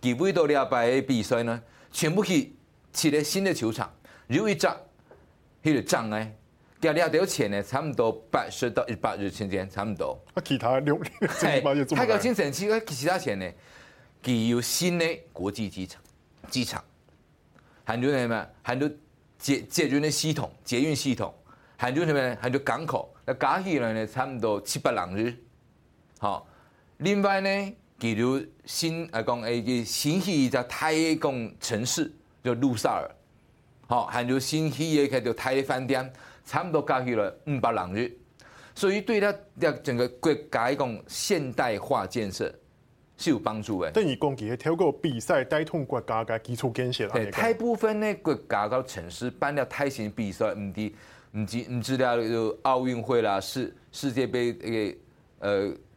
幾尾到禮拜比賽呢？全部去建了新的球場，有一扎，迄個帳呢，加了條錢呢，差唔多八十到一百日之間，差唔多。啊，其他六，他、哎、要新城市，其他錢呢？佮有新的國際機場，機場，很多什麼，很多捷捷運的系統，捷運系統，很多什麼，很多港口，那加起來呢，差唔多七八人日。好、哦，另外呢？比如新啊，講誒，新起一個太空城市叫盧薩爾，好，還、哦、有新起一個叫太空飯店，差不多搞去了五百人日，所以對他整個國家講現代化建設是有幫助的，等於講，其實透過比賽，帶動國、國家的基礎建設。對，大部分那國家城市辦了大型比賽，唔知唔知唔知道就奧運會啦，世世界杯誒，呃。